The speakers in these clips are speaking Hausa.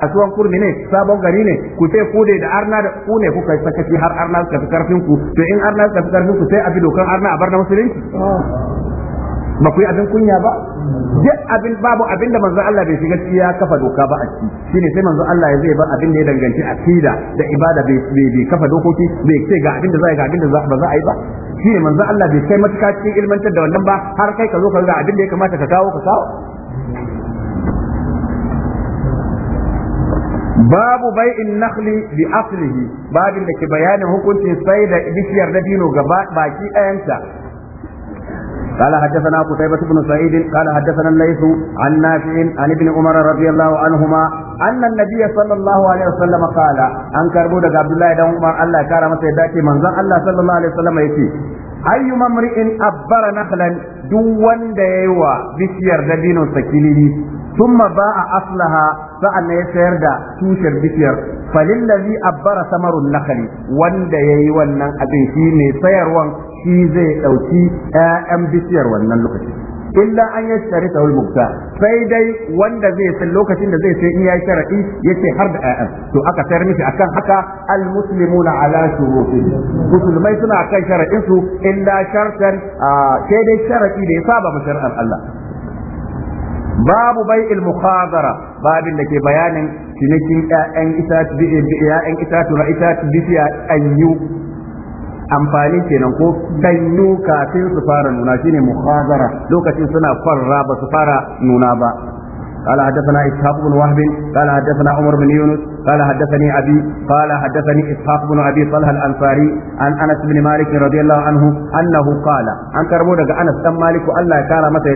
kasuwan kurmi ne sabon gari ne ku ce ku da arna da ku ne kuka kai sakaci har arna suka fi karfin ku to in arna suka fi karfin ku sai a bi dokan arna a bar na musulunci ba ku yi abin kunya ba duk abin babu abin da manzo Allah bai shiga ya kafa doka ba a ciki shine sai manzo Allah ya zai ba abin da ya danganci akida da ibada bai bai kafa dokoki bai ce ga abin da za ga abin da ba za a yi ba shine manzo Allah bai kai matuka cikin ilmantar da wannan ba har kai ka zo ka ga abin da ya kamata ka kawo ka kawo babu bai'in nakhli bi aslihi babin da ke bayanin hukuncin sai da bishiyar dabino gaba baki ɗayanta قال حدثنا قتيبة بن سعيد قال حدثنا الليث عن نافع عن ابن عمر رضي الله عنهما أن النبي صلى الله عليه وسلم قال أن كربودة عبد الله بن عمر الله كرم سيداتي من الله صلى الله عليه وسلم يتي أي أيوة امرئ أبر نخلا duk wanda ya yi wa bishiyar dabino sakilini sun ba a aslaha sa'an ya sayar da tushen bishiyar falillazi abbara samarun nakali wanda ya yi wannan abin shi ne sayarwan shi zai ɗauki 'ya'yan bishiyar wannan lokacin illa an ya shari sahul mukta sai dai wanda zai san lokacin da zai sai in ya sharadi yace har da ayyan to aka sayar miki akan haka al muslimuna ala shurutihim musulmai suna kan sharadin su illa shartan sai dai shara'i da ya saba shari'ar Allah babu bai'il mukhadara babin da ke bayanin cinikin 'ya'yan itatu na itatu bishiya anyu amfani kenan ko danyu kafin su fara nuna shine muhazara lokacin suna farra ba su fara nuna ba قال حدثنا إسحاق بن وهب قال حدثنا عمر بن يونس قال حدثني أبي قال حدثني إسحاق بن أبي طلحة الأنصاري عن أنس بن مالك رضي الله عنه أنه قال عن كربونك أنس بن مالك الله كان متى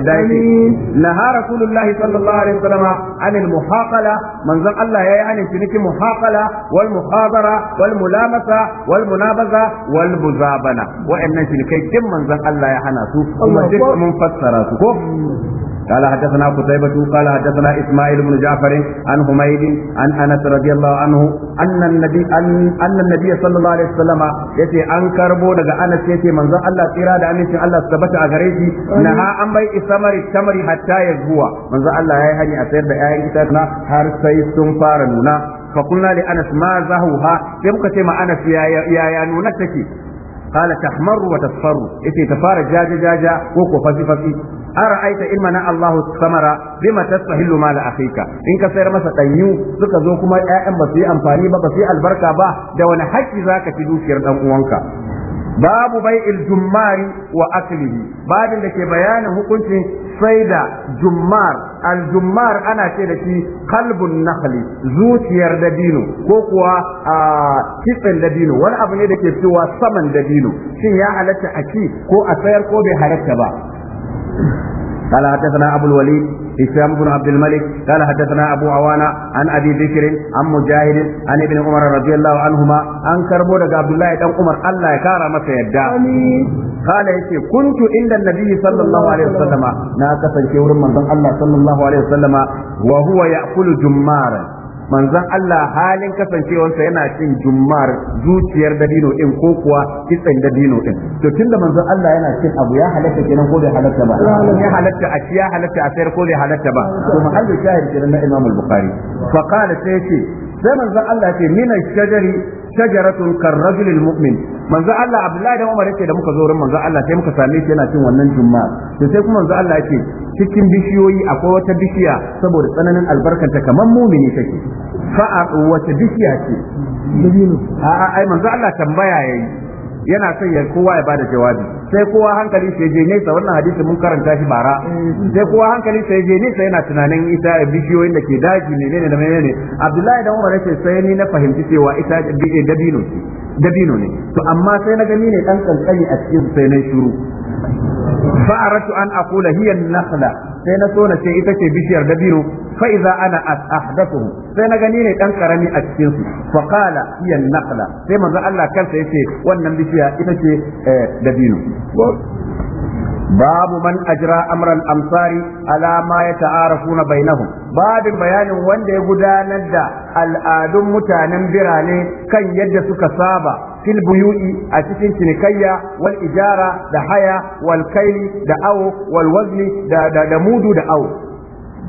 نهى رسول الله صلى الله عليه وسلم عن المحاقلة من ذن الله يعني في محاقلة والمخاضرة والملامسة والمنابذة والمزابنة وإن في كم من ذن الله يحنى سوء ومن فسر سوء قال حدثنا قتيبة قال حدثنا إسماعيل بن جعفر عن حميد عن أنس رضي الله عنه أن النبي أن, أن النبي صلى الله عليه وسلم يتي أن كربو دغ أنس يتي من ذا الله تيرا دا أنس الله ثبت أغريتي نها أن بي إثمر التمر حتى يزهو من ذا الله هاي هني أسير بأي كتابنا هار سيستم فارنونا فقلنا لأنس ما زهوها يبقى تيما أنس يا يا يا نونتك qala tahmaru wa tasfaru yace ta fara jaja jaja ko ko fasi fasi ara'aita ilma na Allahu samara bima tastahilu mala akhika in ka sayar masa ɗanyu suka zo kuma 'ya'yan ba su yi amfani ba ba su yi albarka ba da wani haƙƙi ka fi dukiyar ɗan uwanka babu bai'il jummari wa aklihi babin da ke bayanin hukuncin saida jumma'ar, jummar ana ce da shi kalbun nakhli zuciyar dabino ko kuwa a kitsen dabino wani abu ne da ke fitowa saman dabino shin ya halatta a ci ko a sayar ko bai halatta ba قال حدثنا أبو الوليد هشام بن عبد الملك قال حدثنا أبو عوانة عن أبي بكر عن مجاهد عن ابن عمر رضي الله عنهما عن كربو عبد الله بن عمر الله يكار ما يدعى قال يتي كنت عند النبي صلى الله عليه وسلم ناكسا شور من الله صلى الله عليه وسلم وهو يأكل جمارا manzon Allah halin kasancewarsa yana cin jummar zuciyar dabino din ko kuwa kitsen dabino din to tunda manzon Allah yana cin abu ya halatta kenan ko bai halatta ba ya halatta a ya halatta a sayar ko bai halatta ba to mahallin shahid kenan na Imam al-Bukhari fa qala sai ce sai manzo Allah ce mina shajari shajaratun karrajul mu'min manzo Allah Abdullahi da Umar yake da muka zo ran manzo Allah sai muka same shi yana cin wannan juma'a to sai kuma manzo Allah yake cikin bishiyoyi akwai wata bishiya saboda tsananin albarkanta kamar mumini take fa wata bishiya ce a ai manzo Allah tambaya yayi yana son ya kowa ya bada jawabi sai kowa hankali sai je nesa wannan hadisi mun karanta shi bara sai kowa hankali sai je nesa yana tunanin ita bishiyoyin da ke daji menene da menene Abdullahi dan Umar yace sai ni na fahimci cewa ita dabino ce dabino ne to amma sai na gani ne dan kankani a cikin sai na shiru fa aratu an aqula hiya an-nakhla sai na so na ce ita ce bishiyar dabino fa idza ana ahdathu sai na gani ne ɗan karami a cikin su fa qala hiya naqla sai manzo Allah kansa yace wannan bishiya ita ce eh, dabino babu man ajra amran amsari ala ma yata'arafuna bainahum babin bayanin wanda ya gudanar da al'adun mutanen birane kan yadda suka saba fil buyu'i a cikin cinikayya wal ijara da haya wal kaili da awo wal da mudu da awo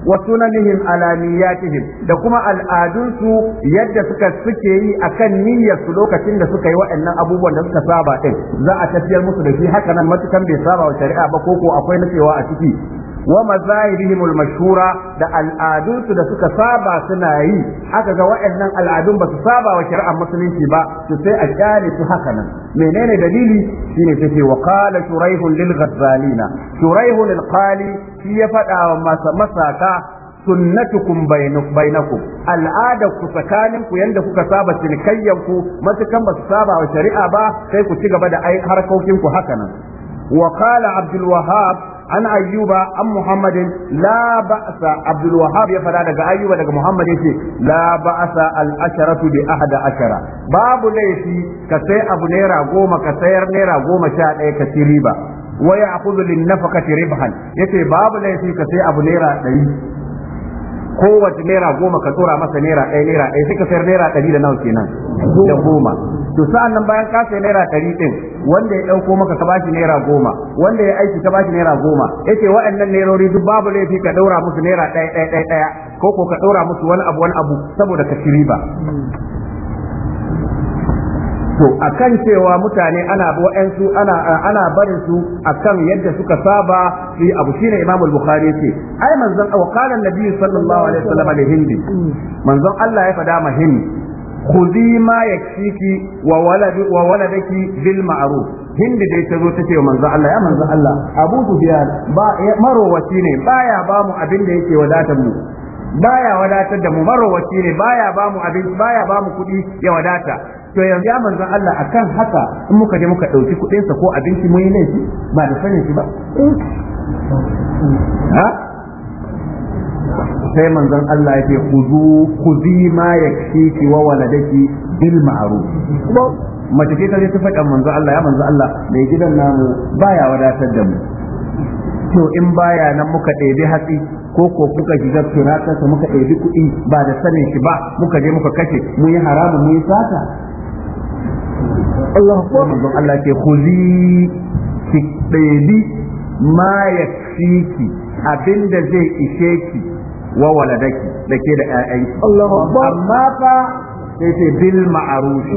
wa sunanihim alaniyatihim da kuma al'adunsu yadda suka suke yi akan niyyar su lokacin da suka yi waɗannan abubuwan da suka saba din za a tafiyar musu da shi haka nan matukan bai saba wa shari'a ba ko ko akwai nufewa a ciki wa mazahibihim al-mashhura da al'adunsu da suka saba suna yi aka ga waɗannan al'adun ba su saba wa shari'ar musulunci ba su sai a kyale su haka nan menene dalili shine take wa qala shuraihun lil ghazalina shuraihun al shi ya faɗawa wa masaka sunnatukum bainakum al'ada ku tsakanin ku yanda kuka saba cinikayyan ku matukan ba su saba wa shari'a ba sai ku ci gaba da harkokin ku haka nan wa qala an ayyuba an muhammadin la ba'sa abdul ya fada daga ayyuba daga muhammad yace la ba'sa al asharatu bi ahada ashara babu laifi ka sai abu naira goma ka sayar naira goma sha ɗaya ka ci riba wa ya'khudhu lin nafaqati ribhan yace babu laifi ka sai abu naira ɗari kowace naira goma ka tura masa naira ɗaya naira ɗaya sai ka sayar naira ɗari da nawa kenan da goma to sa'an nan bayan ka sayi naira ɗari ɗin wanda ya ɗauko maka ka bashi naira goma wanda ya aiki ka bashi naira goma yace waɗannan nairori duk babu laifi ka ɗaura musu naira ɗaya ɗaya ɗaya ko ko ka ɗaura musu wani abu wani abu saboda ka ci riba to akan cewa mutane ana wa'ansu ana barin su akan yadda suka saba fi abu shine imamul al-Bukhari yace ai manzon wa qala nabi sallallahu alaihi wasallam da hindi manzon Allah ya fada ma hindi khudhi ma yakfiki wa walad wa waladaki bil ma'ruf hindi dai ta zo ta ce manzon Allah ya manzon Allah Abu Sufyan ba marowaci ne baya ba mu abin da yake wadatar mu baya wadatar da mu maro ne baya ba mu abinci baya ba mu kuɗi ya wadata to yanzu ya manzon Allah akan haka in muka je muka ɗauki kuɗinsa ko abinci mun yi laifi ba da sanin shi ba ha sai manzon Allah yake kuzu kuzi ma yakfiki wa waladaki bil ma'ruf mace ce ta je ta faɗa manzon Allah ya manzon Allah mai gidan namu baya wadatar da mu to in baya nan muka ɗebi hatsi ko ko kuka shiga firakansa muka ɗebi kuɗi ba da sanin shi ba muka je muka kashe mun yi haramun mun yi sata Allah ko manzon Allah ke khuzi ki ɗebi ma fiki abinda zai ishe ki wa waladaki da ke da ƴaƴanki Allah amma fa sai sai bil ma'ruf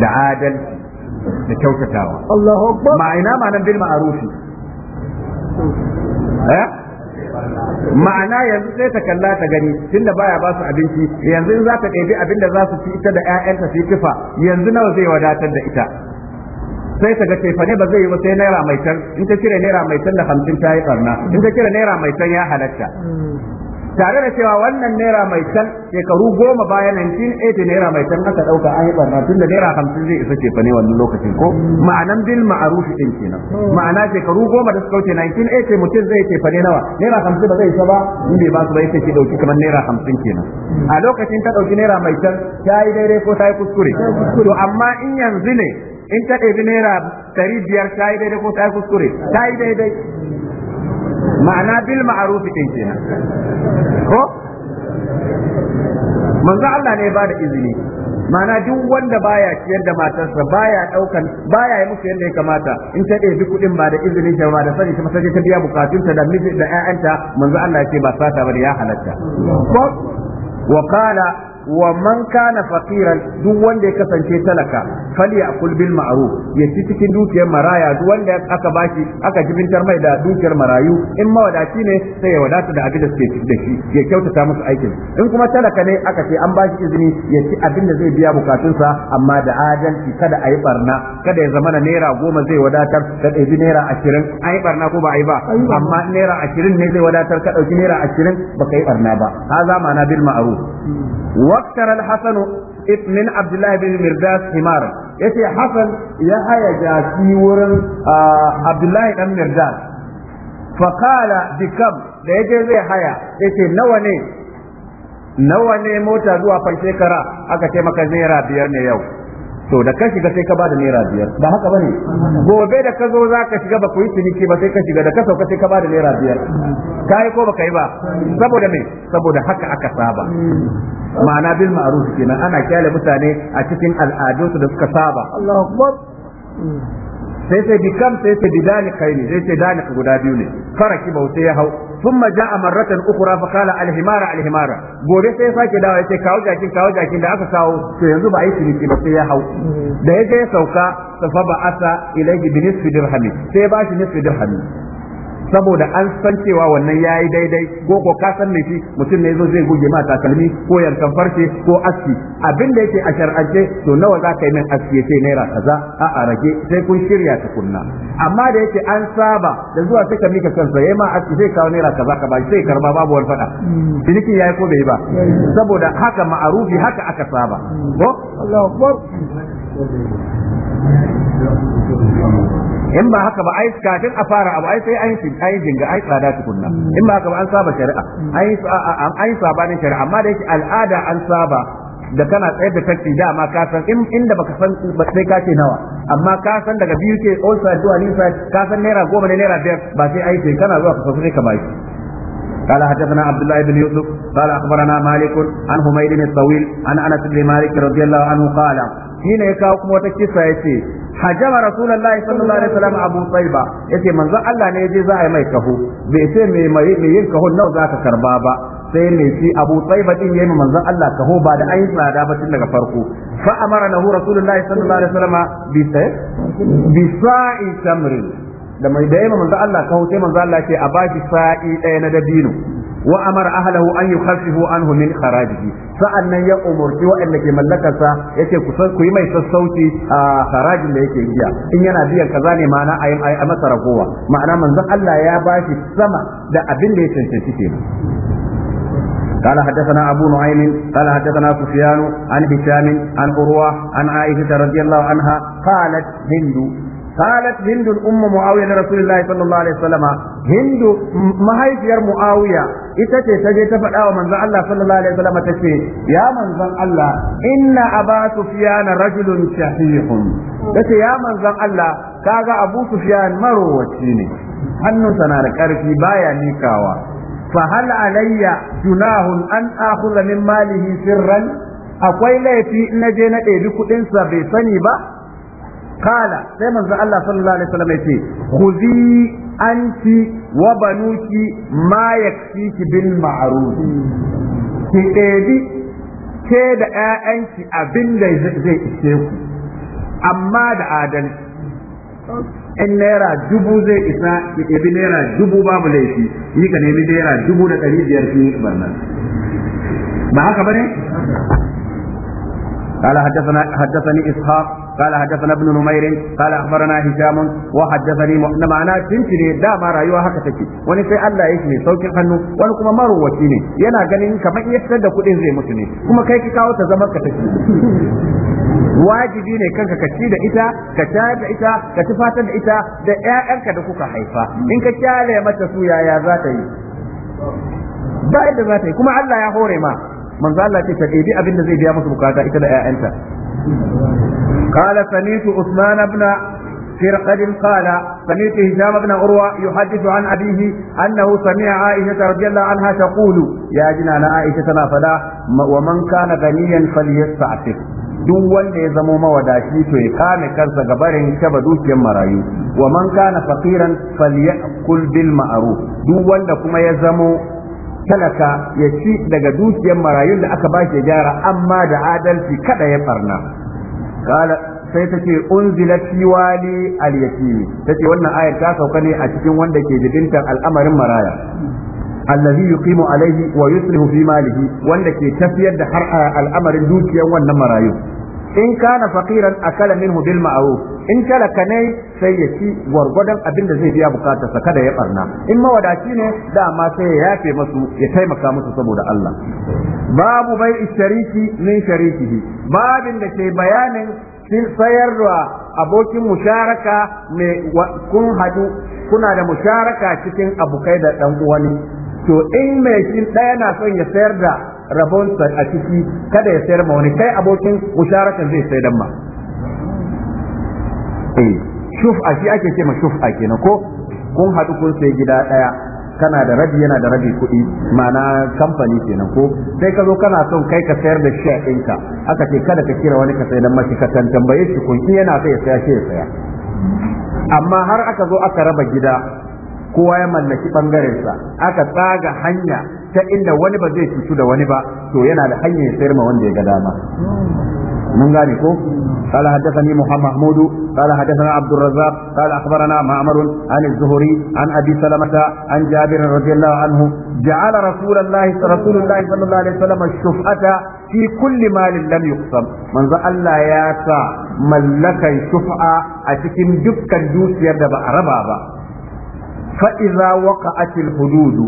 da adal da kyautatawa Allahu akbar ma nan bil ma'ruf eh ma'ana yanzu sai ta kalla ta gani tunda baya ba su abinci yanzu in za ta ɗebi abin da za su ci ita da 'ya'yanta su yi kifa yanzu nawa zai wadatar da ita sai ta ga fa ne ba zai yi ba sai naira mai can in ta kira naira mai can da hamsin ta yi karna in ta kira naira mai can ya halatta tare da cewa wannan naira mai can shekaru goma baya 1980 naira mai can aka dauka an yi barna tun da naira hamsin zai isa ce ne wannan lokacin ko ma'anan bil ma'ruf din kenan ma'ana shekaru goma da suka wuce 1980 mutum zai ce ne nawa naira hamsin ba zai isa ba in bai ba su ba yake ki dauki kamar naira hamsin kenan a lokacin ta dauki naira mai can ta yi daidai ko ta yi kuskure to amma in yanzu ne in ta ɗebi naira ɗari biyar ta yi daidai ko ta yi kuskure ta yi daidai ma'ana bil ma'ruf din kenan ko manzo Allah ne ba da izini Ma'ana duk wanda baya ciyar da matarsa baya daukan baya yi musu yadda ya kamata in ta ɗebi kuɗin ba da izinin ta ba da sani ta sai ta biya bukatunta da miji da ƴaƴanta manzo Allah ya ce ba sata bane ya halatta wa qala wa man kana faqiran duk wanda ya kasance talaka fali akul bil ma'ruf ya ci cikin dukiyar maraya duk wanda aka bashi aka jibintar mai da dukiyar marayu in mawadaci ne sai ya wadata da abin da suke da shi ya kyautata musu aikin in kuma talaka ne aka ce an bashi izini ya ci abin da zai biya bukatunsa amma da adalci kada a yi barna kada ya zamana naira goma zai wadatar ka ɗauki naira ashirin a yi barna ko ba a yi ba amma naira ashirin ne zai wadatar ka ɗauki naira ashirin ba ka yi barna ba ha mana bil ma'ruf واكتر Hassanu, من عبد الله بن مرداس حمارا يتي حسن يا هيا جاسي ورن عبد الله بن مرداس فقال بكم da yaje zai haya yace nawa ne nawa ne mota zuwa farshekara aka taimaka naira biyar ne yau to da ka shiga sai ka bada naira biyar ba haka bane gobe da ka zo za ka shiga ba ku yi ciniki ba sai ka shiga da ka sauka sai ka bada naira biyar ka yi ko ba ka yi ba saboda me saboda haka aka saba ma'ana bil ma'ruf kenan ana kyale mutane a cikin al'adunsu da suka saba Allahu akbar sai sai bikam sai sai bidani kai ne sai sai dani guda biyu ne faraki bauta ya hau thumma ja'a marratan ukhra fa qala al himara gobe sai sake dawo yace kawo jakin kawo jakin da aka kawo to yanzu ba a yi ciniki ba sai ya hau da yaje ya sauka fa ba asa ilayhi bi nisfi dirhami sai ba shi nisfi dirhami saboda an san cewa wannan yayi daidai goko ka san shi mutum ne zo zai goge ma takalmi ko yankan farce ko aski abin da yake a shar'ance to nawa za ka yi min aski sai naira kaza a a rage sai kun shirya tukunna amma da yake an saba da zuwa sai ka mika kansa yayi ma aski sai kawo naira kaza ka ba sai karba babu wani fada hmm. ciniki yayi ko bai ba saboda haka ma'arufi haka aka saba hmm. ko Allahu akbar in ba haka ba ai kafin a fara abu ai sai an ai jinga ai tsada tukunna in ba haka ba an saba shari'a ai ai ne shari'a amma da yake al'ada an saba da kana tsayar da da dama ka san inda baka san ba sai ka ce nawa amma ka san daga biyu ke all side zuwa new side ka san naira goma ne naira biyar ba sai ai sai kana zuwa ka sai ka bai قال حدثنا عبد الله بن يوسف قال اخبرنا مالك عن حميد الطويل عن انس بن مالك رضي الله عنه قال shine ya kawo kuma wata kisa ya ce hajama rasulullahi sallallahu alaihi wasallam abu ya ce manzon Allah ne ya je za a yi mai kaho bai ce me mai yin kaho nawa za ka karba ba sai ne shi abu ba din yayi manzon Allah kaho ba da ayi tsada ba tun daga farko fa amara nahu rasulullahi sallallahu alaihi wasallam bi sai bi sa'i tamri da mai da yayi manzon Allah kaho sai manzon Allah ce a baki sa'i ɗaya na dabino wa amara ahlahu an yukhaffifu anhu min kharajihi sa'annan ya umurci waɗanda ke mallakarsa yace ku ku yi mai sassauci a haraji da yake biya in yana biyan kaza ne ma'ana a masa ragowa ma'ana manzon Allah ya bashi sama da abin da ya cancanci kenan قال حدثنا أبو نعيم قال حدثنا سفيان عن هشام عن عروة عن عائشة رضي الله عنها قالت هند قالت هند الأم معاوية لرسول الله صلى الله عليه وسلم هند ما هي في معاوية إتتي تجي تفقى ومن الله صلى الله عليه وسلم تشي يا من الله إن أبا سفيان رجل شحيح تشي يا من الله كاغا أبو سفيان مروتي ne hannunsa na da ƙarfi baya nikawa fa hal alayya junahun an akhudha min malihi sirran akwai laifi in naje na ɗebi kuɗinsa bai sani ba kala sai manzo Allah sallallahu alaihi wasallam yace khuzi anti wa banuki ma yakfiki bil ma'ruf ki ɗebi ke da ƴaƴanki abin da zai ishe ku amma da adalci in naira dubu zai isa ki ɗebi naira dubu babu laifi ni ka nemi naira dubu da ɗari biyar sun yi barnan ba haka bane قال حدثنا حدثني اسحاق قال حدثنا ابن نمير قال اخبرنا هشام وحدثني محمد معنا تنتني دا ما رايوا haka take wani sai Allah yake mai saukin hannu wani kuma maruwaci ne yana ganin kamar yadda da kudin zai mutu ne kuma kai ki kawo wajibi ne kanka ka ci da ita ka shayar da ita ka da ita da ƴaƴanka da kuka haifa in ka kyale mata su yaya za ta yi ba yadda za ta yi kuma Allah ya hore ma manzo Allah ce ta ɗebi abin da zai biya musu bukata ita da ƴaƴanta قال سميت عثمان بن فرقد قال سميت هشام بن عروة يحدث عن أبيه أنه سمع عائشة رضي الله عنها تقول يا جنان عائشة فلا ومن كان غنيا فليستعفف duk wanda ya zamo mawadashi to ya kame kansa ga barin taba dukiyar marayu wa man kana faqiran falyakul bil ma'ruf duk wanda kuma ya zamo talaka ya ci daga dukiyar marayun da aka bashi ya gyara amma da adalci kada ya farna قال sai ta ce unzilat fi wali al yatimi tace wannan ayar ta sauka ne a cikin wanda ke jibintar al'amarin maraya allazi yuqimu alaihi wa yuslihu fi malihi wanda ke tafiyar da har al'amarin dukiyar wannan marayun. in kana faqiran akala minhu bil ma'ruf in talaka ne sai ya ci gwargwadon abin da zai biya bukatar sa kada ya barna in mawadaci ne dama sai ya yafe masu ya taimaka musu saboda Allah babu bai ishariki min sharikihi babin da ke bayanin sayarwa abokin musharaka mai kun hadu kuna da musharaka cikin abokai da dan uwani to in mai shi ɗaya na son ya sayar da rabonsa a ciki kada ya sayar ma wani kai abokin musharakan zai sayar ma eh shuf'a shi ake ce ma shuf'a kenan ko kun haɗu kun sai gida ɗaya kana da rabi yana da rabi kuɗi ma'ana kamfani kenan ko sai ka zo kana son kai ka sayar da shi a ɗinka aka ce kada ka kira wani ka sayar da mashi ka tambaye shi kun yana sai ya saya shi ya saya amma har aka zo aka raba gida kowa ya mallaki bangaren sa aka tsaga hanya ta inda wani ba zai cutu da wani ba to yana da hanyar sayar ma wanda ya ga dama من ذلك قال حدثني محمد محمود قال حدثنا عبد الرزاق قال اخبرنا معمر عن الزهري عن ابي سلمه عن جابر رضي الله عنه جعل رسول الله رسول الله صلى الله عليه وسلم الشفعة في كل مال لم يقسم من ذا الله يا ملك الشفعة اتكن دكا دوسيا دبا ربابا fa'iza waka hududu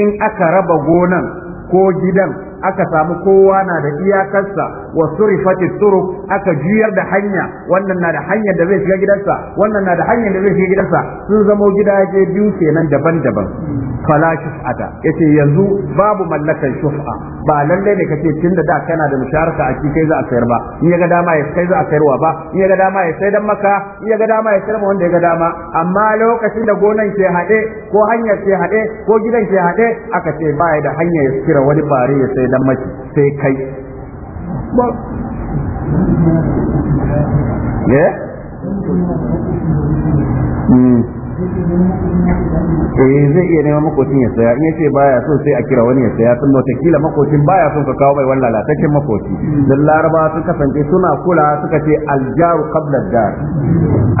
in aka raba gonan ko gidan aka samu kowa na da iyakarsa wa surifati turuq aka juyar da hanya wannan na da hanyar da zai shiga gidansa wannan na da hanyar da zai shiga gidansa sun zamo gidaje biyu kenan daban-daban fala shuf'ata yace yanzu babu mallakan shuf'a ba lalle ne kace tunda da kana da musharaka a kai za a sayar ba in ya ga dama ya kai za a sayarwa ba in ya ga dama ya sai dan maka in ya ga dama ya sayar wanda ya ga dama amma lokacin da gonan ke haɗe ko hanyar ke haɗe ko gidan ke haɗe aka ce ba ya da hanya ya kira wani bare ya sai dan sai kai ba eh? Hmm. eh zai iya neman makocin ya saya in yace baya so sai a kira wani ya saya tun da kila makocin baya son ka kawo mai wani lalataccen makoci dan laraba sun kasance suna kula suka ce aljaru qabla dar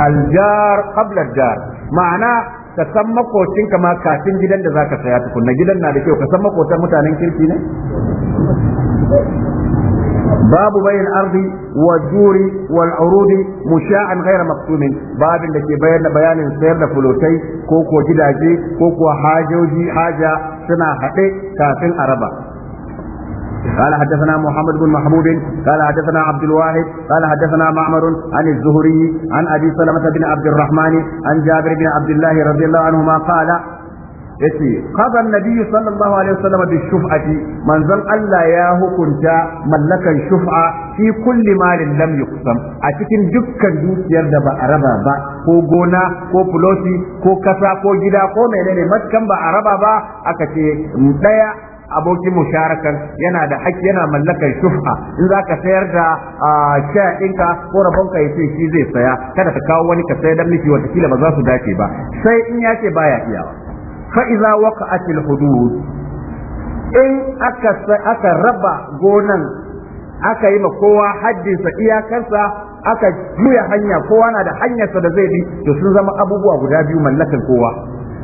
aljar qabla dar ma'ana ka san makocin ka ma kafin gidan da zaka saya tukunna gidan na da kyau ka san makocin mutanen kirki ne باب بين الأرض والجور والعروض مشاعا غير مقسوم باب اللي كي بيان بيان سير فلوتي كوكو جداجي كوكو حاجوجي حاجة سنة حقي كافين أربا قال حدثنا محمد بن محمود قال حدثنا عبد الواحد قال حدثنا معمر عن الزهري عن ابي سلمه بن عبد الرحمن عن جابر بن عبد الله رضي الله عنهما قال yace qada nabi sallallahu alaihi wasallam bi shuf'ati manzon Allah ya hukunta mallakan shuf'a fi kulli malin lam yuqsam a cikin dukkan dukiyar da ba a raba ba ko gona ko fulosi ko kasa ko gida ko menene matkan ba a raba ba aka ce daya abokin musharakar yana da haƙƙi yana mallakar shuf'a in za ka sayar da sha ɗinka ko rabon ya ce shi zai saya kada ka kawo wani ka sayar da miki wata kila ba za su dace ba sai in ya ce baya iyawa fa idza waqa'atil hudud in aka aka raba gonan aka yi ma kowa haddinsa iyakansa aka juya hanya kowa na da hanyarsa da zai bi to sun zama abubuwa guda biyu mallakan kowa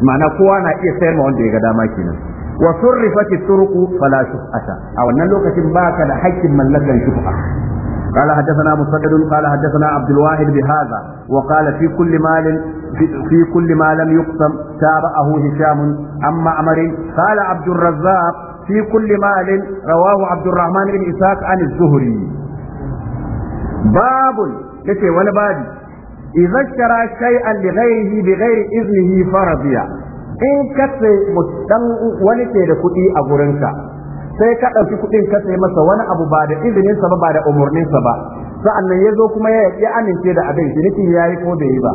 ma'ana kowa na iya sayar ma wanda ya ga dama kenan wa surrifati turuqu fala shufata a wannan lokacin baka da haƙƙin mallakan shufa قال حدثنا مسدد قال حدثنا عبد الواحد بهذا وقال في كل مال في, في كل ما لم يقسم تابعه هشام عن معمر قال عبد الرزاق في كل مال رواه عبد الرحمن بن إسحاق عن الزهري باب يتي ولا بادي إذا اشترى شيئا لغيره بغير إذنه فرضيا in ka wani ke da kuɗi a gurinka sai ka ɗauki kuɗin ka sai masa wani abu ba da izinin sa ba ba da umurnin sa ba sa'annan ya zo kuma ya yi amince da abin ya yayi ko bai yi ba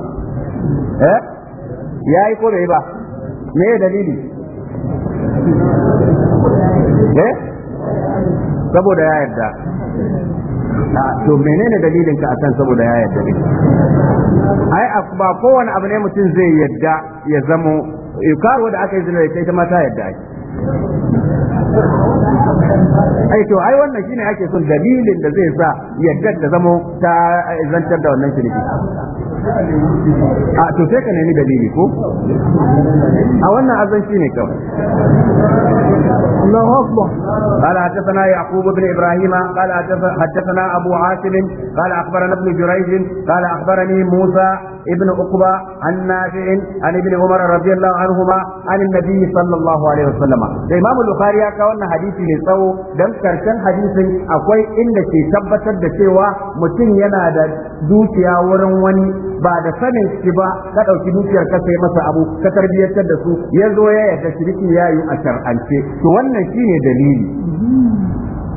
eh yayi ko bai yi ba me dalili eh saboda ya yarda ah, to menene dalilin ka akan saboda ya yarda ne ai ba kowane abu ne mutum zai yarda ya zamo eh, karo da aka yi zina da ita ma ta yarda ai to ai wannan shine ake son dalilin da zai sa yaddar da zamo ta zantar da wannan ciniki a to sai ka nemi dalili ko a wannan azanci ne kawai الله أكبر قال حدثنا يعقوب بن إبراهيم قال حدثنا أبو عاصم قال أخبرنا ابن جريج قال أخبرني موسى ابن عقبة عن نافع عن ابن عمر رضي الله عنهما عن النبي صلى الله عليه وسلم الإمام البخاري يا كون حديثي لسو دم كرشن حديث أقوي إن شي تبتد da cewa mutum yana da zuciya wurin wani ba da sanin shi ba ka ɗauki dukiyar ka sai masa abu ka tarbiyyantar da su ya zo ya yarda shiriki ya yi a shar'ance to wannan shine dalili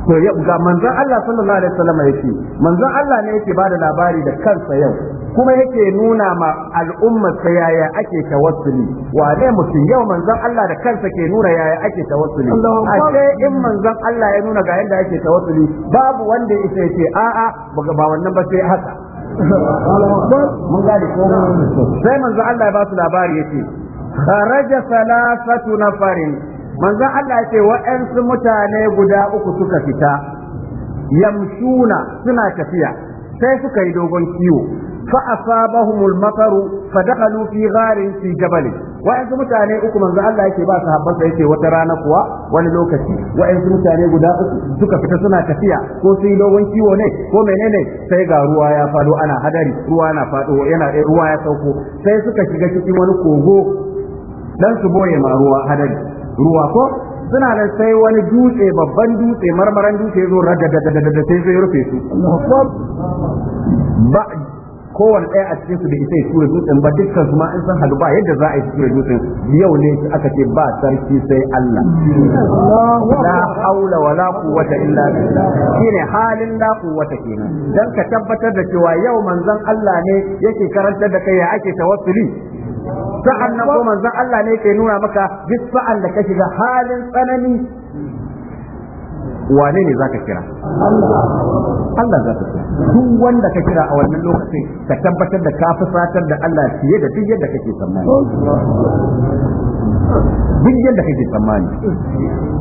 to ga manzon Allah sallallahu alaihi wasallam yake manzon Allah ne yake bada labari da kansa yau kuma yake nuna ma al'umma ta yaya ake tawassuli wane mutum yau manzon Allah da kansa ke nuna yaya ake tawassuli ashe in manzon Allah ya nuna ga yadda ake tawassuli babu wanda yake ce a'a ba wannan ba sai haka sai manzo Allah ya ba su labari ce kharaja salasatu nafarin manzo Allah yace wa'ansu mutane guda uku suka fita yamshuna suna tafiya sai suka yi dogon kiwo fa asabahumul mataru fa dakhalu fi gharin fi jabalin wa'ansu mutane uku manzo Allah yake ba su sahabbansa yake wata rana kuwa wani lokaci wa'ansu mutane guda uku suka fita suna tafiya ko su yi dogon kiwo ne ko menene sai ga ruwa ya faɗo ana hadari ruwa na faɗo yana eh, ruwa ya sauko sai suka shiga cikin wani kogo dan su boye ma ruwa hadari ruwa ko suna da sai wani dutse babban dutse marmaran dutse zo rada da da da sai zai rufe su kowane ɗaya a cikin su da ita ya tura dutsen ba dukkan su ma in san hadu ba yadda za a yi tura dutsen yau ne aka ce ba sarki sai Allah la haula wa la quwwata illa billah shine halin la quwwata kenan dan ka tabbatar da cewa yau manzon Allah ne yake karantar da kai ya ake tawassuli sa'an nan ko manzon Allah ne ke nuna maka duk sa'an da ka da halin tsanani wane ne ka kira Allah za ka kira duk wanda ka kira a wannan lokacin ka tabbatar da ka fi da Allah fiye da duk yadda kake tsammani duk yadda kake tsammani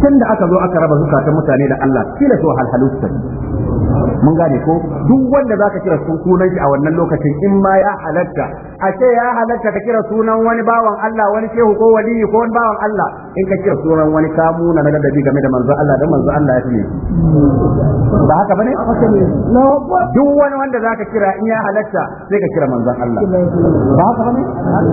tun da aka zo aka raba zukatan mutane da Allah kila su halhalu su mun gane ko duk wanda zaka kira sunan shi a wannan lokacin in ma ya halatta a ce ya halatta ka kira sunan wani bawan Allah wani shehu ko wali ko wani bawan Allah in ka kira sunan wani kamu na daga dabi game da manzo Allah da manzo Allah ya fi ba haka bane duk wani wanda zaka kira in ya halatta sai ka kira manzo Allah ba haka bane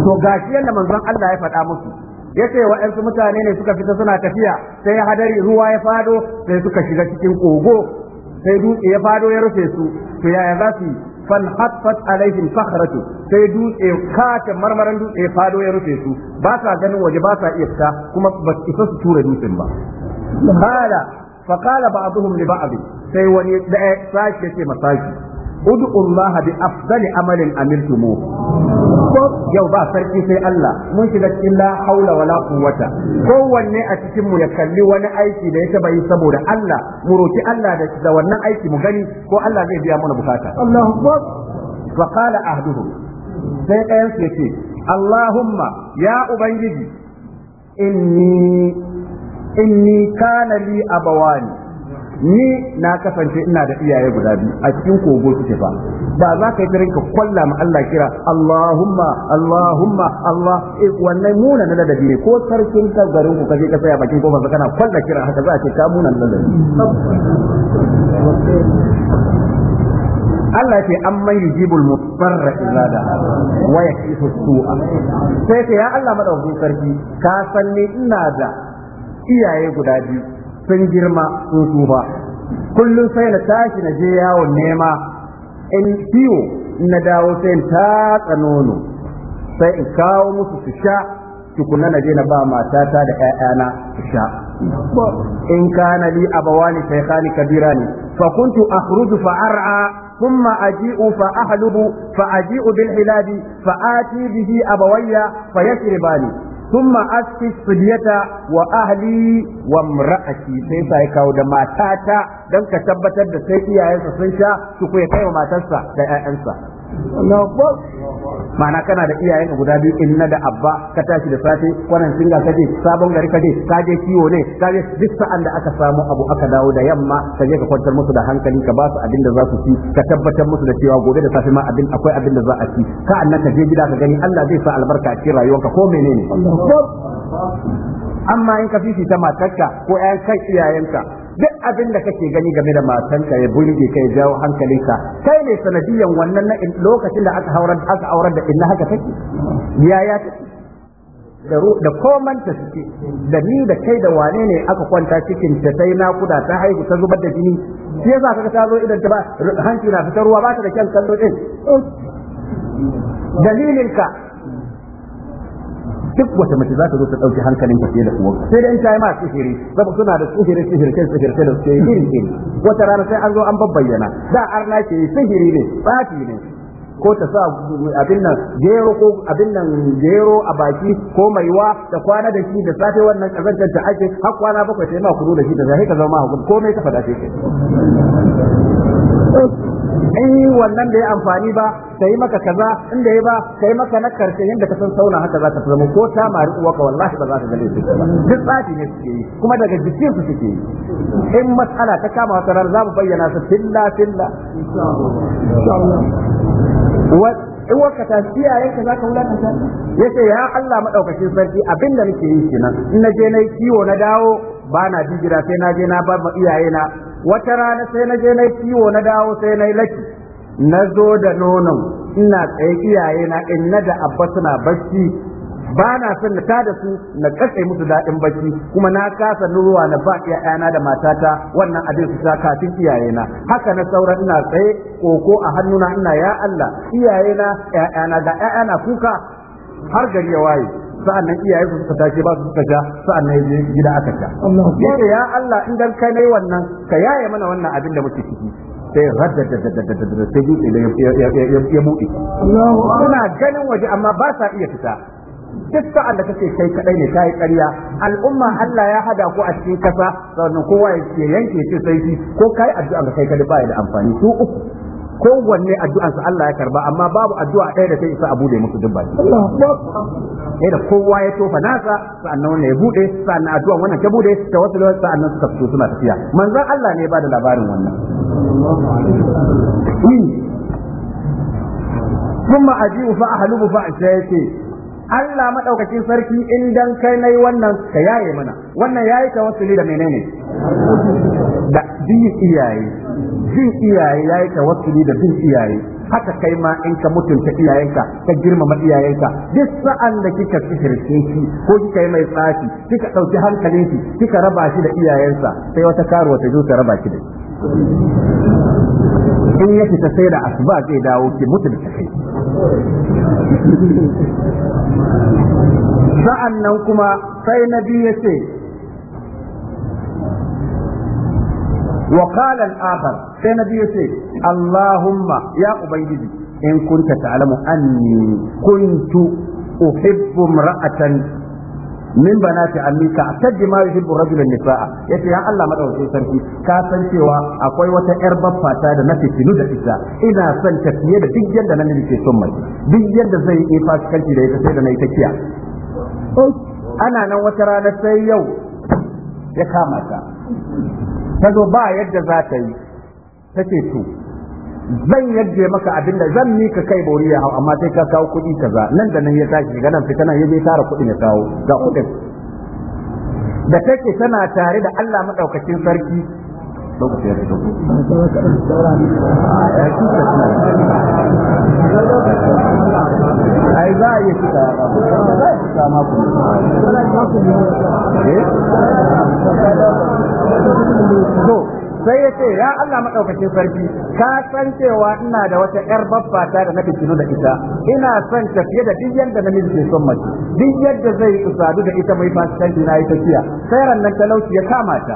to gashi yanda manzo Allah ya faɗa musu ya ce wa'yansu mutane ne suka fita suna tafiya sai hadari ruwa ya fado sai suka shiga cikin kogo sai dutse ya fado ya rufe su to yaya za su فانحطت alaihim صخرة sai dutse kace marmaran dutse fado ya rufe su ba sa ganin waje ba sa iya fita kuma ba su isa su tura dutsen ba hala fa qala ba'dhum li ba'd sai wani da sashi yace masaki ud'u Allah bi afdali amalin amiltumu ko yau ba sarki sai Allah mun shiga cikin la haula wala quwwata kowanne a cikin mu ya kalli wani aiki da ya taba yi saboda Allah mu roki Allah da wannan aiki mu gani ko Allah zai biya mana bukata Allahu akbar qala ahduhum sai ɗayan su yace Allahumma ya ubangiji inni inni kana li abawani ni na kasance ina da iyaye guda biyu a cikin kogo suke ba. ba za ka yi ta rinka kwalla ma Allah kira Allahumma Allahumma Allah eh, wannan muna na ladabi ne ko sarkin ka garin ku kaje ka tsaya bakin kofar kana kwalla kira haka za a ce ka muna na ladabi Allah ce an amman yujibul mutarra idza da wa yakifu su'a sai ya Allah madaukakin sarki ka san ni ina da iyaye guda biyu sun girma sun tsufa kullum sai na tashi na je yawon nema in kiwo na dawo sai in tatsa nono sai in kawo musu su sha tukuna na je na ba matata da 'ya'yana su sha in kana li abawani shaykhani kabirani fa kuntu akhruju fa ar'a ثم أجيء فأحلب فأجيء بالحلاب فآتي به أبوي ne. thumma asfi fidyata wa ahli wa imra'ati sai sai kawo da matata don ka tabbatar da sai iyayensa sun sha su kai wa matarsa da 'ya'yansa ma'ana kana da iyayen ka guda biyu inna da abba ka tashi da safe kwanan singa ka je sabon gari ka je ka je kiwo ne ka je duk sa'an da aka samu abu aka dawo da yamma ka je ka kwantar musu da hankali ka ba su abin da za su ci ka tabbatar musu da cewa gobe da safe ma abin akwai abin da za a ci ka annan ka je gida ka gani Allah zai sa albarka a cikin rayuwarka ko menene amma in ka fifita matarka ko ƴaƴan kai iyayenka duk abin da kake gani game da matanka ya burge ka jawo hankalinka kai ne sanadiyan wannan na lokacin da aka haurar aka da inna haka take yaya da da komanta suke da ni da kai da wane ne aka kwanta cikin ta sai na kuda ta haihu ta zubar da jini sai yasa kaga ta zo idan ta ba hanci na fitar ruwa ba ta da kyan kallo din dalilinka duk wata mace za ta zo ta dauki hankalin ka fiye da uwar sai dai in tayi ma sihiri saboda suna da sihiri sihiri kai sihiri da iri iri wata rana sai an zo an babbayyana da arna ke sihiri ne fati ne ko ta sa abin nan gero ko abin nan gero a baki ko maiwa da kwana da shi da safe wannan kazantar ta ake har kwana bakwai sai ma kuro da shi da zai ka zama hukum komai ka fada ke. in eh, wannan da ya amfani ba ta yi maka kaza inda ya ba ta yi maka na karshe yadda ka san sauna haka za ta zama ko ta mari uwaka wallahi ba za ta gane su duk tsafi ne suke yi kuma daga jikin su suke yi in matsala ta kama wata ranar za mu bayyana su filla filla in waka ta siya yanka zaka wulakanta yace ya Allah madaukakin sarki abinda nake yi kenan in na je na yi kiwo na dawo ba na bijira sai na je na ba iyaye na wata rana sai na je na yi kiwo na dawo sai na yi laki na zo da nonon ina tsaye iyaye na in na da abba suna bacci ba na son na tada su na katse musu daɗin bacci kuma na kasa nuruwa na ba 'ya'yana da matata wannan abin su sa kafin na. haka na sauran ina tsaye koko a hannuna ina ya Allah iyaye na iyayana ga 'ya'yana kuka har gari ya waye sa'an nan iyaye su suka tashi ba su suka ja sa'an nan gida aka ja. yace ya Allah in dan kai nayi wannan ka yaye mana wannan abin da muke ciki sai radda da sai dutse da ya buɗe suna ganin waje amma ba sa iya fita duk sa'an da kake kai kaɗai ne yi ƙarya al'umma Allah ya hada ku a cikin kasa sannan kowa ya yanke ce sai ko kai addu'a ga kai kadai ba da amfani su uku kowanne addu'ansa Allah ya karba amma babu addu'a ɗaya da ta isa a bude musu duk baki da kowa ya tofa nasa sa'annan wannan ya bude sa'annan addu'an wannan ta bude ta wasu sa'annan suka fito suna tafiya manzon Allah ne ba da labarin wannan ثم أجيء فأحلب فأشياء Allah madaukakin sarki in dan kai nayi wannan ka yaye mana wannan yayi tawassuli da menene da bin iyaye bin iyaye yayi tawassuli da bin iyaye haka kai ma in ka mutunta iyayenka ka girmama iyayenka duk sa'an da kika sihirce shi ko kika yi mai tsafi kika ɗauki hankalin shi kika raba shi da iyayensa sai wata karuwa ta zo ta raba shi da in ya fita sai da asuba zai dawo ki mutunta kai sa'an nan kuma sai na biyu ya ce wa akhar sai na biyu ya ce Allahumma ya ubangiji in kunta ta ta'lamu anni kuntu uhibbu ra'atan min banati amika kaddi ma yuhibbu da nisaa yace ya Allah madaukakin sarki ka san cewa akwai wata yar baffa ta da na fitinu da ita ina san ta fiye da duk yadda na nake son mai duk yadda zai yi kanki da ita sai da nayi takiya ana nan wata rana sai yau ya kama ta ta zo ba yadda za ta yi ta to zan yadda maka abin da zan ka kai bori ya hau amma sai ka kawo kuɗi kaza nan da nan ya tashi ga nan fita ya je tara kuɗin ya kawo ga kuɗin da take tana tare da Allah madaukakin sarki lokaci sai ya ce ya Allah madaukakin sarki ka san cewa ina da wata yar babbata da na tuno da ita ina son ta fiye da duk yadda namiji ke son mace duk yadda zai sadu da ita mai fasikanci na yi tafiya sai ran nan talauci ya kama ta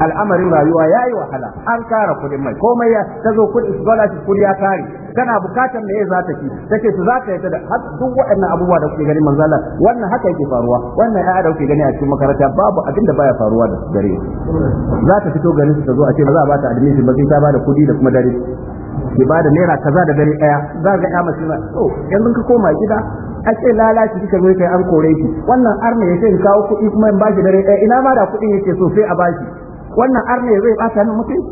al'amarin rayuwa ya yi wahala an kara kuɗin mai komai ya ta zo kuɗin scholarship kuɗi ya kare Tana bukatar me za ta ci ce su za ta yi ta da duk waɗannan abubuwa da kuke gani manzala wannan haka yake faruwa wannan ya da kuke gani a cikin makaranta babu abin da baya faruwa da gare za ta fito ganin su ta zo a ce ba za a ba ta admission ba sai ta ba da kuɗi da kuma dare ki ba da naira kaza da dare ɗaya za ga ya mace to oh, yanzu ka koma gida a ce lalaci kika zo kai an kore shi wannan arna ya ce in kawo kuɗi kuma in ba shi dare ɗaya ina ma da kuɗin yake so sai a ba shi wannan arne zai bata nan mutum?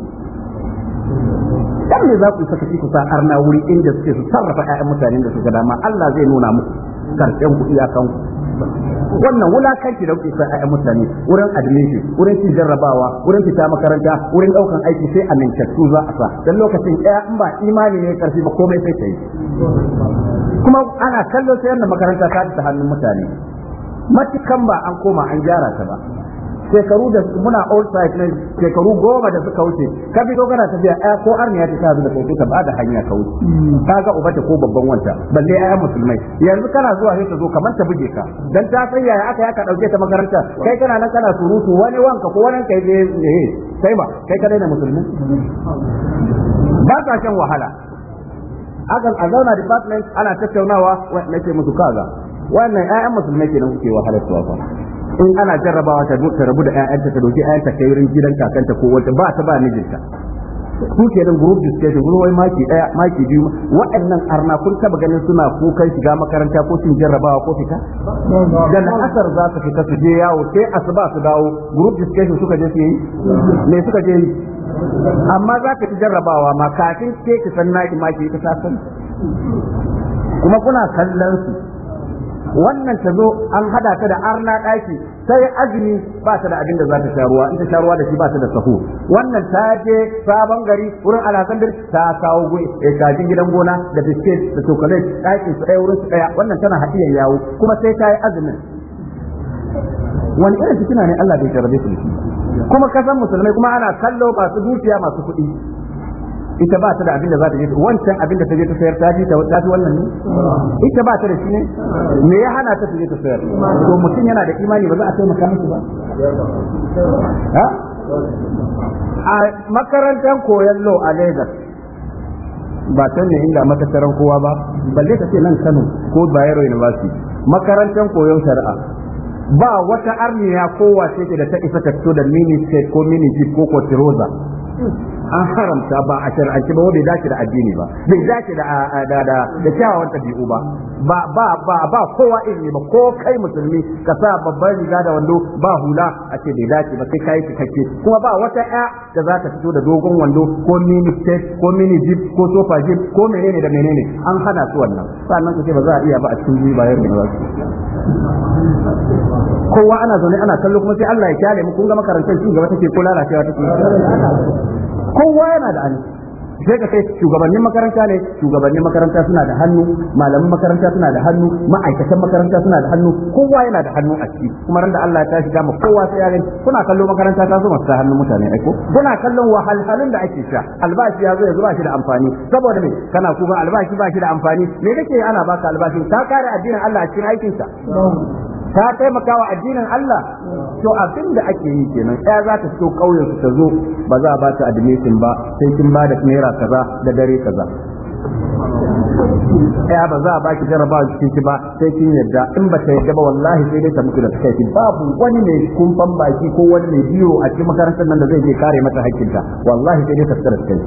dan ne za ku saka ku kusa arna wuri inda suke su sarrafa ƴaƴan mutanen da suka dama Allah zai nuna muku karshen a kan wannan wulakanci da kuke sai ƴaƴan mutane wurin admission wurin cin jarrabawa wurin fita makaranta wurin daukan aiki sai a amintattu za a sa dan lokacin ɗaya in ba imani ne karfi ba komai sai kai kuma ana kallon sai wannan makaranta ta ta hannun mutane matukan ba an koma an gyara ta ba shekaru da muna old side na shekaru goma da suka wuce ka fito kana tafiya ɗaya eh, ko arniya ta ta da kai ka ba da hanya ka wuce hmm. ka ga uba ta ko babban wanta balle ayan musulmai yanzu kana zuwa sai ta zo kamar ta buge ka dan ta san yaya aka ya ka dauke ta makaranta kai kana nan kana surutu wani wanka ko wani kai ne Sai eh, ba kai ka daina musulmi ba ka shan wahala akan a zauna department ana tattaunawa nake musu kaza wannan ƴaƴan musulmai kenan kuke wahalar tuwa in ana jarrabawa ta ta rabu da ƴaƴanta ta doki ƴaƴanta kai wurin gidan kakanta ko wata ba ta ba mijinta ke nan group discussion wani wai maki daya maki biyu waɗannan arna kun taba ganin suna kukan shiga makaranta ko sun jarrabawa ko fita da na asar za su fita su je yawo sai asuba su dawo group discussion suka je su yi me suka je yi amma za ka ci jarrabawa ma kafin ke ki san naki maki ka san kuma kuna kallon su wannan ta zo an hada ta da arna daki sai azumi ba ta da abin da za ta sharuwa in ta sharuwa da shi ba ta da sahu wannan ta je sabon gari wurin alhassan ta kawo eh, kajin gidan gona da biskit da chocolate ɗakin su ɗaya wurin su ɗaya wannan tana haɗiyar yawo kuma sai ta yi azumin wani irin fitina ne Allah bai jarabe su kuma kasan musulmai kuma ana kallo masu dukiya masu kuɗi ita ba ta da abin da za ta je wancan abin da ta je ta sayar ta ji ta ta ji wannan ne ita ba ta da shi ne me ya hana ta ta je ta sayar to mutum yana da imani ba za a taimaka miki ba a makarantar koyon law a Lagos ba san ne inda matattaran kowa ba balle ta ce nan Kano ko Bayero University makarantar koyon shari'a ba wata arniya kowace ke da ta isa ta da mini state ko mini ko Tiroza an haramta ba a shar'anci ba bai dace da addini ba bai dace da da da da ba ba ba ba ba kowa ba ko kai musulmi ka sa babban riga da wando ba hula a ce bai dace ba sai kai cikakke kuma ba wata ya da za ta fito da dogon wando ko mini skirt ko mini jeep ko sofa jeep ko menene da menene an hana su wannan sannan ka ce ba za a iya ba a cikin bayan da ba kowa ana zaune ana kallo kuma sai Allah ya kyale mu kun ga makarantar ci gaba take ko lalacewa take kowa yana da hannu sai ka kai shugabannin makaranta ne shugabannin makaranta suna da hannu malaman makaranta suna da hannu ma'aikatan makaranta suna da hannu kowa yana da hannu a ciki kuma randa da Allah ya tashi dama kowa sai ya kuna kallo makaranta ta zo masu hannun mutane aiko kuna kallon wahalhalun da ake sha albashi ya zo ya zuba shi da amfani saboda me kana kuka albashi ba shi da amfani me kake ana baka albashin ta kare addinin Allah a cikin aikinsa ta taimaka wa addinin Allah to abin da ake yi kenan ya za ta fito kauyen su ta zo ba za a ba ta admission ba sai kin ba da naira kaza da dare kaza ya ba za a ki jarabawa cikin ki ba sai kin yadda in ba ta yadda ba wallahi sai dai ta mutu da kai babu wani mai kumfan baki ko wani mai biyo a cikin makarantar nan da zai je kare mata hakkinta wallahi sai dai ta tsara kai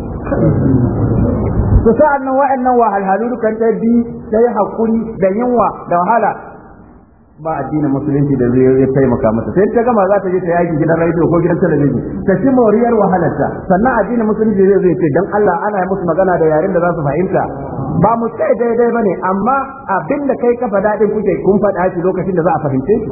to sa'an nan wa'annan wahalhalu dukan ta bi ta hakuri da yunwa da wahala ba a addinin musulunci da zai ya taimaka masa, sai ta gama za ta je ta yaki gidan radio ko gidan talabijin ta ci moriyar wahalarta sannan a addinin musulunci zai zai ce dan Allah ana yi musu magana da yaren da za su fahimta ba mu sai daidai ba ne, amma abin da kai kafa daɗin kuke kun faɗa shi lokacin da za a fahimce shi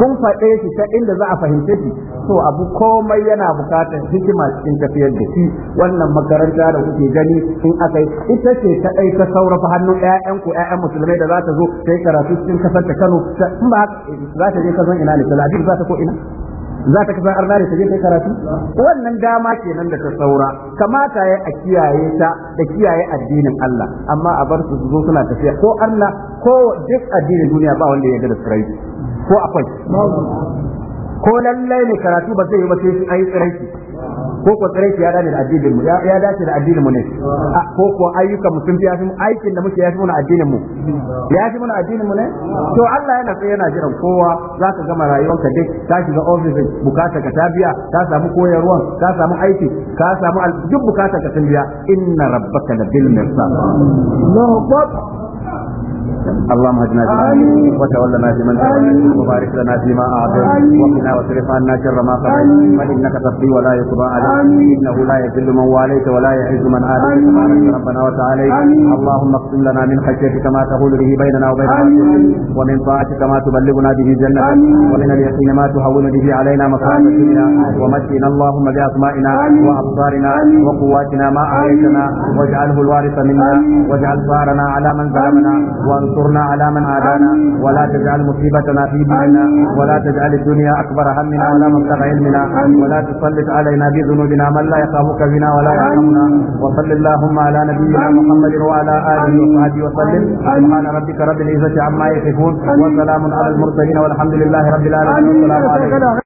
kun faɗe shi ta inda za a fahimce shi to abu komai yana bukatar hikima cikin tafiyar da shi wannan makaranta da kuke gani in aka yi ita ce ta ɗai ta saurafa hannun ƴaƴan ku ƴaƴan musulmai da za ta zo ta yi karatu cikin kasar ta Kano in ba za ta je kasan ina ne Tel Aviv za ta ko ina za ta kasa arna da je kai karatu wannan dama kenan da ta saura kamata ya a kiyaye ta da kiyaye addinin Allah amma a bar su zo suna tafiya ko Allah ko duk addinin duniya ba wanda ya ga da tsirai ko akwai ko lallai ne karatu ba zai yi ba sai an yi tsirai ko ko tsare ya dace da addinin mu ya dace da addinin mu ne ko ko ayyukan mu sun fi yafi aikin da muke yafi mu addinin mu yafi mu addinin mu ne to Allah yana so yana jiran kowa za ka gama rayuwarka dai ka shiga office bukata ka ta biya ka samu koyarwa ka samu aiki ka samu duk bukata ka sun biya inna rabbaka labil mirsad اللهم اهدنا فيمن وتولنا فيمن وبارك لنا فيما اعطيت وقنا واصرف عنا شر ما قضيت فانك تقضي ولا يقضى عليك انه لا يذل من واليت ولا يعز من عاديت سبحانك ربنا وتعالى اللهم اقسم لنا من خشيتك ما تقول به بيننا وبين ومن طاعتك ما تبلغنا به جنتك ومن اليقين ما تهون به علينا مصائب الدنيا ومجدنا اللهم باسمائنا وابصارنا وقواتنا ما اعطيتنا واجعله الوارث منا واجعل ثارنا على من ظلمنا وانصرنا وانصرنا على من عادانا ولا تجعل مصيبتنا في ديننا ولا تجعل الدنيا أكبر همنا ولا مبلغ علمنا ولا تسلط علينا بذنوبنا من لا يخافك بنا ولا يرحمنا وصل اللهم على نبينا محمد وعلى آله وصحبه وسلم سبحان ربك رب العزة عما يصفون وسلام على المرسلين والحمد لله رب العالمين والسلام عليكم